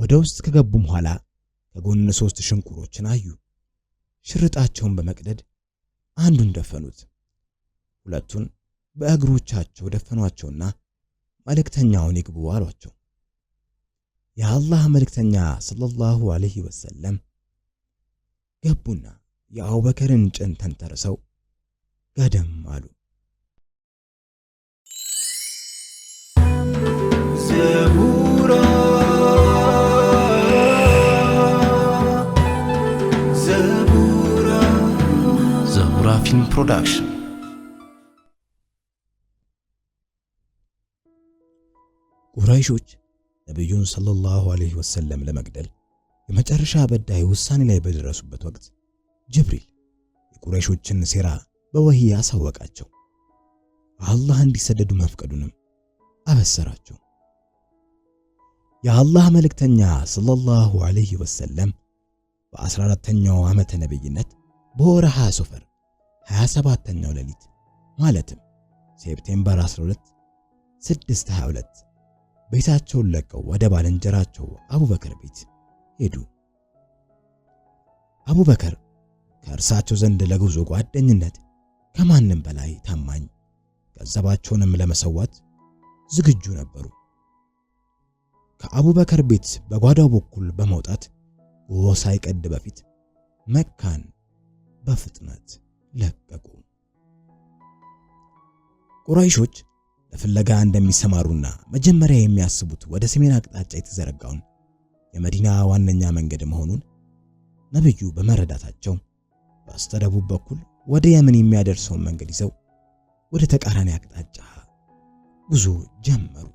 ወደ ውስጥ ከገቡም ኋላ ከጎን ሶስት ሽንቁሮችን አዩ። ሽርጣቸውን በመቅደድ አንዱን ደፈኑት። ሁለቱን በእግሮቻቸው ደፈኗቸውና መልእክተኛውን ይግቡ አሏቸው። የአላህ መልእክተኛ ሰለላሁ ዐለይሂ ወሰለም ገቡና የአቡበከርን ጭን ተንተርሰው ገደም አሉ። ዘቡ production. ቁረይሾች ነቢዩን ሰለላሁ ዐለይሂ ወሰለም ለመግደል የመጨረሻ በዳይ ውሳኔ ላይ በደረሱበት ወቅት ጅብሪል የቁረይሾችን ሴራ በወህይ አሳወቃቸው። አላህ እንዲሰደዱ መፍቀዱንም አበሰራቸው። የአላህ መልእክተኛ ሰለላሁ ዐለይሂ ወሰለም በ14ኛው ዓመተ ነቢይነት በወረሃ ሶፈር 27ኛው ሌሊት ማለትም ሴፕቴምበር 12 622 ቤታቸውን ለቀው ወደ ባልንጀራቸው አቡበከር ቤት ሄዱ። አቡበከር ከእርሳቸው ዘንድ ለጉዞ ጓደኝነት ከማንም በላይ ታማኝ፣ ገንዘባቸውንም ለመሰዋት ዝግጁ ነበሩ። ከአቡበከር ቤት በጓዳው በኩል በመውጣት ጉዞ ሳይቀድ በፊት መካን በፍጥነት ለቀቁ። ቁረይሾች ለፍለጋ እንደሚሰማሩና መጀመሪያ የሚያስቡት ወደ ሰሜን አቅጣጫ የተዘረጋውን የመዲና ዋነኛ መንገድ መሆኑን ነብዩ በመረዳታቸው በስተደቡብ በኩል ወደ የመን የሚያደርሰውን መንገድ ይዘው ወደ ተቃራኒ አቅጣጫ ጉዞ ጀመሩ።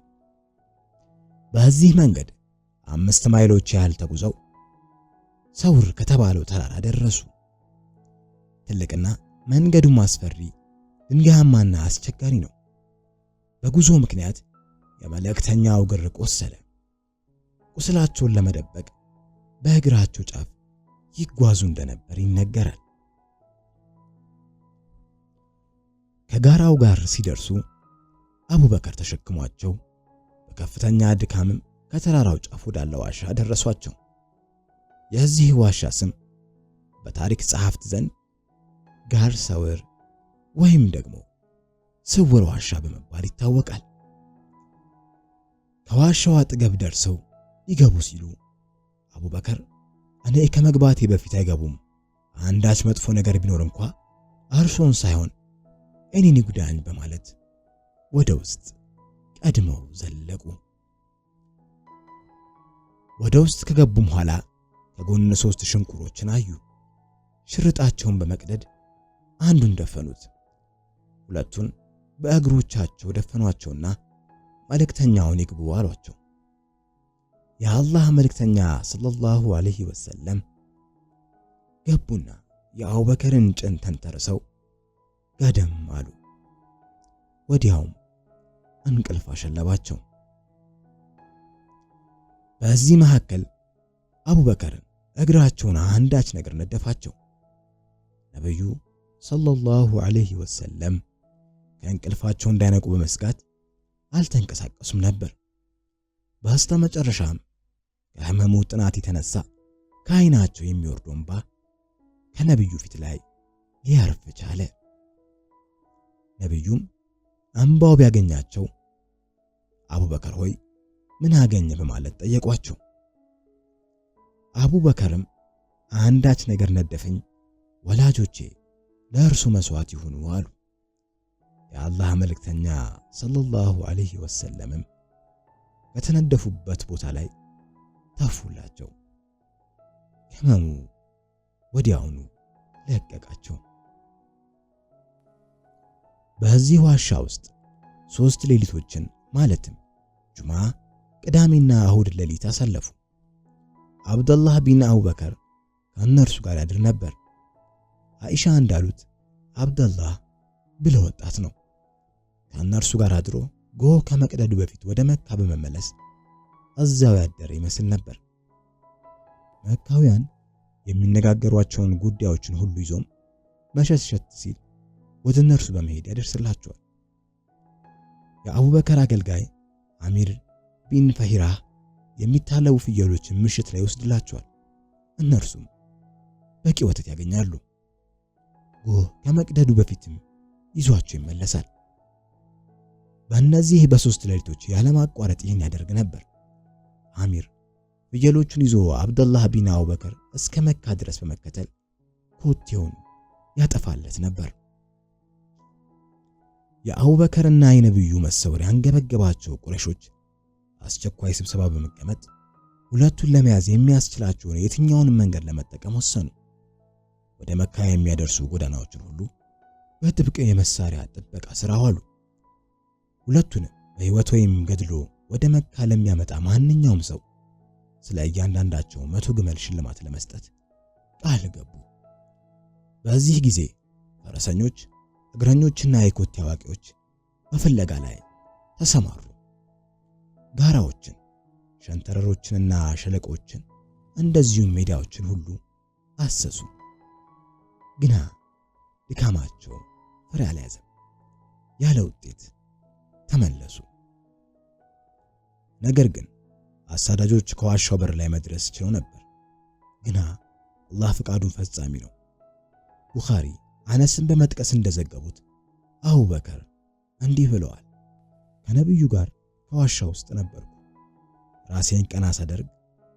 በዚህ መንገድ አምስት ማይሎች ያህል ተጉዘው ሰውር ከተባለው ተራራ ደረሱ። ትልቅና መንገዱም አስፈሪ ድንጋያማና አስቸጋሪ ነው። በጉዞ ምክንያት የመልእክተኛው እግር ቆሰለ። ቁስላቸውን ለመደበቅ በእግራቸው ጫፍ ይጓዙ እንደነበር ይነገራል። ከጋራው ጋር ሲደርሱ አቡበከር ተሸክሟቸው በከፍተኛ ድካምም ከተራራው ጫፍ ወዳለው ዋሻ ደረሷቸው። የዚህ ዋሻ ስም በታሪክ ጸሐፍት ዘንድ ጋር ሰውር ወይም ደግሞ ስውር ዋሻ በመባል ይታወቃል። ከዋሻው አጠገብ ደርሰው ሊገቡ ሲሉ አቡበከር እኔ ከመግባቴ በፊት አይገቡም፣ አንዳች መጥፎ ነገር ቢኖር እንኳ እርሶን ሳይሆን እኔን ይጉዳኝ በማለት ወደ ውስጥ ቀድመው ዘለቁ። ወደ ውስጥ ከገቡም ኋላ ከጎን ሶስት ሽንቁሮችን አዩ። ሽርጣቸውን በመቅደድ አንዱን ደፈኑት፣ ሁለቱን በእግሮቻቸው ደፈኗቸውና መልእክተኛውን ይግቡ አሏቸው። የአላህ መልእክተኛ ሰለላሁ ዐለይሂ ወሰለም ገቡና የአቡበከርን ጭን ተንተርሰው ገደም አሉ። ወዲያውም እንቅልፍ አሸለባቸው። በዚህ መካከል አቡበከርን እግራቸውን አንዳች ነገር ነደፋቸው። ነብዩ ሰለላሁ ዐለይሂ ወሰለም ከእንቅልፋቸው እንዳይነቁ በመስጋት አልተንቀሳቀሱም ነበር። በስተ መጨረሻም ከህመሙ ጥናት የተነሳ ከአይናቸው የሚወርድ እንባ ከነብዩ ፊት ላይ ሊያርፍ ቻለ። ነብዩም እንባው ቢያገኛቸው አቡበከር ሆይ ምን አገኘ በማለት ጠየቋቸው። አቡበከርም አንዳች ነገር ነደፈኝ፣ ወላጆቼ ለእርሱ መስዋዕት ይሁኑ አሉ። የአላህ መልእክተኛ ሰለላሁ ዐለይሂ ወሰለምም ከተነደፉበት ቦታ ላይ ተፉላቸው። ህመሙ ወዲያውኑ ለቀቃቸው። በዚህ ዋሻ ውስጥ ሶስት ሌሊቶችን ማለትም ጁማ፣ ቅዳሜና እሁድ ሌሊት አሳለፉ። አብደላህ ቢን አቡበከር ከእነርሱ ጋር ያድር ነበር። አኢሻ እንዳሉት አብደላህ ብለ ወጣት ነው። ከእነርሱ ጋር አድሮ ጎ ከመቅደዱ በፊት ወደ መካ በመመለስ እዛው ያደረ ይመስል ነበር። መካውያን የሚነጋገሯቸውን ጉዳዮችን ሁሉ ይዞም መሸትሸት ሲል ወደ እነርሱ በመሄድ ያደርስላቸዋል። የአቡበከር አገልጋይ አሚር ቢን ፈሂራህ የሚታለቡ ፍየሎችን ምሽት ላይ ይወስድላቸዋል። እነርሱም በቂ ወተት ያገኛሉ። ከመቅደዱ በፊትም ይዟቸው ይመለሳል። በእነዚህ በሶስት ሌሊቶች ያለማቋረጥ ይህን ያደርግ ነበር። አሚር ፍየሎቹን ይዞ አብደላህ ቢን አቡበከር እስከ መካ ድረስ በመከተል ኮቴውን ያጠፋለት ነበር። የአቡበከርና የነብዩ መሰወር ያንገበገባቸው ቁረሾች አስቸኳይ ስብሰባ በመቀመጥ ሁለቱን ለመያዝ የሚያስችላቸውን የትኛውንም መንገድ ለመጠቀም ወሰኑ። ወደ መካ የሚያደርሱ ጎዳናዎችን ሁሉ በጥብቅ የመሳሪያ ጥበቃ ስራ ዋሉ። ሁለቱንም በሕይወት ወይም ገድሎ ወደ መካ ለሚያመጣ ማንኛውም ሰው ስለ እያንዳንዳቸው መቶ ግመል ሽልማት ለመስጠት ቃል ገቡ። በዚህ ጊዜ ፈረሰኞች፣ እግረኞችና የኮቴ አዋቂዎች በፍለጋ ላይ ተሰማሩ። ጋራዎችን፣ ሸንተረሮችንና ሸለቆችን እንደዚሁም ሜዳዎችን ሁሉ አሰሱ። ግና ድካማቸው ፍሬ አልያዘም። ያለ ውጤት ተመለሱ። ነገር ግን አሳዳጆች ከዋሻው በር ላይ መድረስ ችለው ነበር። ግና አላህ ፍቃዱን ፈጻሚ ነው። ቡኻሪ አነስን በመጥቀስ እንደዘገቡት አቡበከር እንዲህ ብለዋል። ከነቢዩ ጋር ከዋሻ ውስጥ ነበርኩ። ራሴን ቀና ሳደርግ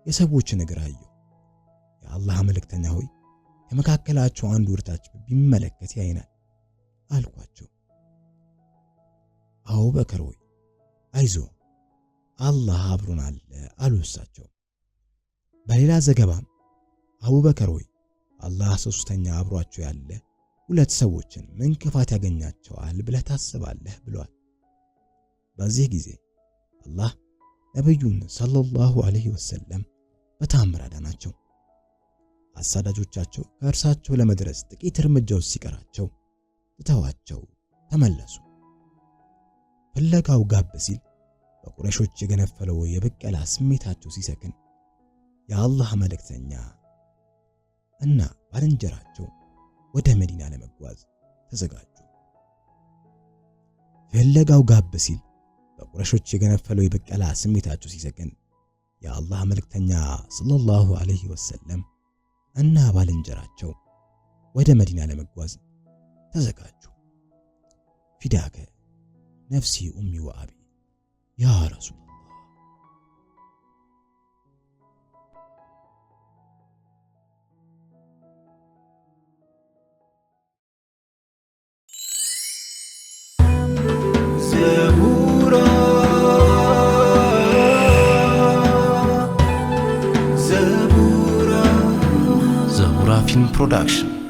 የሰዎችን እግር አየሁ። የአላህ መልእክተኛ ሆይ ከመካከላቸው አንዱ ወደታች ቢመለከት ያይናል አልኳቸው። አው በከር ወይ አይዞ አላህ አብሮን አለ አሉ እሳቸው። በሌላ ዘገባም አቡበከር ሆይ አላህ ሶስተኛ አብሯቸው ያለ ሁለት ሰዎችን ምን ክፋት ያገኛቸዋል ብለህ ታስባለህ ብሏል። በዚህ ጊዜ አላህ ነቢዩን ሰለላሁ ዐለይሂ ወሰለም በታምር አዳናቸው። አሳዳጆቻቸው ከእርሳቸው ለመድረስ ጥቂት እርምጃዎች ሲቀራቸው ትተዋቸው ተመለሱ። ፍለጋው ጋብ ሲል በቁረሾች የገነፈለው የበቀላ ስሜታቸው ሲሰክን የአላህ መልእክተኛ እና ባልንጀራቸው ወደ መዲና ለመጓዝ ተዘጋጁ። ፍለጋው ጋብ ሲል በቁረሾች የገነፈለው የበቀላ ስሜታቸው ሲሰክን የአላህ መልእክተኛ ሰለላሁ ዐለይሂ ወሰለም እና ባልንጀራቸው ወደ መዲና ለመጓዝ ተዘጋጁ። ፊዳከ ነፍሲ ኡሚ ወአቢ ያ ረሱል film production.